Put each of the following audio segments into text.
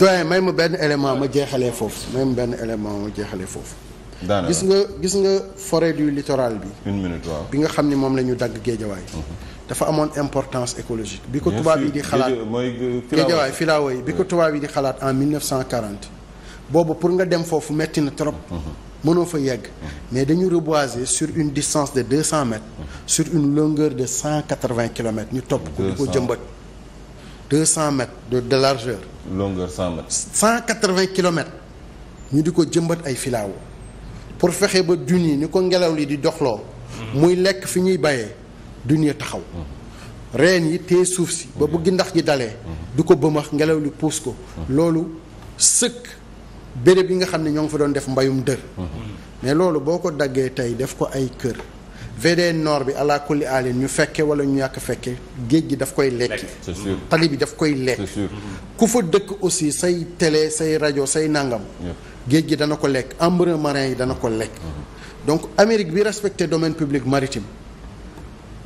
doyen may ma benn élément ma jeexalee foofu may ma benn élément ma jeexalee foofu gis nga gis nga forêt du littoral bi bi nga xam ni moom la ñu dagg géejawaay mhm. dafa amoon importance écologique bi ko tubaab yi di xalaat géejawaay filaawo yi bi ko tubaab yi di xalaat en 1940 boobu pour nga dem foofu metti na trop mhm. mënoo fa yegg mhm. mais dañu reboiser sur une distance de deux cent mètres sur une longueur de cent quatre-vingts kilomètres ñu topp ko di ko jëmbat deux cent mètres de de largeur longueur cent mètres. cent quatre vingt kilomètres ñu di ko jëmbat ay filaawo pour fexe ba dun yi ni ko ngelaw li di doxloo. muy lekk fi ñuy bayee dun yi taxaw. reen yi téye suuf si. ba bu gindax gi dalee. du ko bëmax ngelaw li puus ko. loolu sëkk béréb yi nga xam ne ñoo ngi fa doon def mbayum dër. Mm-hmm. mais loolu boo ko daggee tey def ko ay kër. VDN nord bi àla kulli alin ñu fekkee wala ñu yàkk fekke géej gi daf koy lekki tali bi daf koy lekk ku fa dëkk aussi say télé say rajo say nangam géej gi dana ko lekk embrun marin yi dana ko lekk mm-hmm. donc Amérique bi respecté domaine public maritime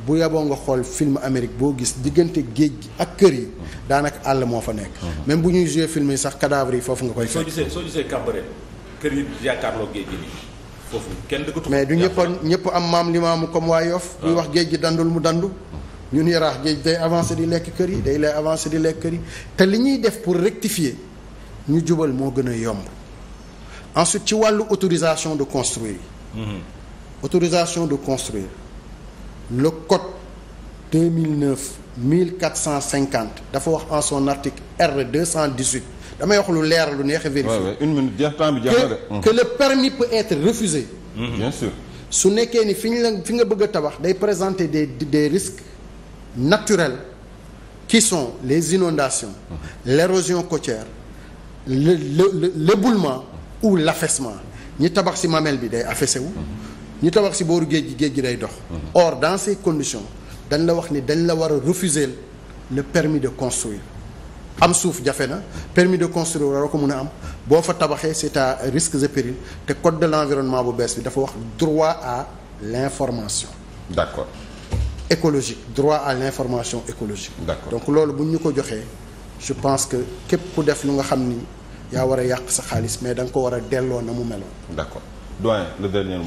bu yaboo nga xool film Amérique boo gis diggante géej gi ak kër yi mm-hmm. daanaka àll moo fa nekk mm-hmm. même bu ñuy joué film yi sax cadavre foofu nga koy fekk soo kër yi yaakaarloo foofu kenn du ko mais du ñëpp ñëpp am maam limaamu comme waa Yoff ah. buy wax géej gi dandul mu dandu ñun yaraax géej day avancé di lekk kër yi day lay avancé di lekk kër yi te li ñuy def pour rectifier ñu jubal moo gën a yomb ensuite ci wàllu autorisation de construire yi mmh. autorisation de construire le code 2009 1450 dafa wax en son article R 218 damay wax lu leer lu neex a vérifier une minute jeex temps bi jeex na de que le permis peut être refusé mm-hmm. Mm-hmm. su nekkee ni fi ñu la fi nga bëgg a tabax day présenter des des risques naturels qui sont les inondations mm-hmm. l'érosion côtière le le l'éboulement ou l'affaissement ñi tabax ci mamel bi day affaissé wu ñi tabax ci booru géej gi géej gi day dox or dans ces conditions dañ la wax ni dañ la war a refuser le permis de construire am suuf jafe na permis de construire a ko mën a am boo fa tabaxee c'est à risque de périls te code de l'environnement bu bees bi dafa wax droit à l'information d'accord écologique droit à l'information écologique d'accord donc loolu bu ñu ko joxee je pense que képp ku def lu nga xam ni yaa war a yàq sa xaalis mais da nga ko war a delloo na mu meloon d'accord doyen le dernier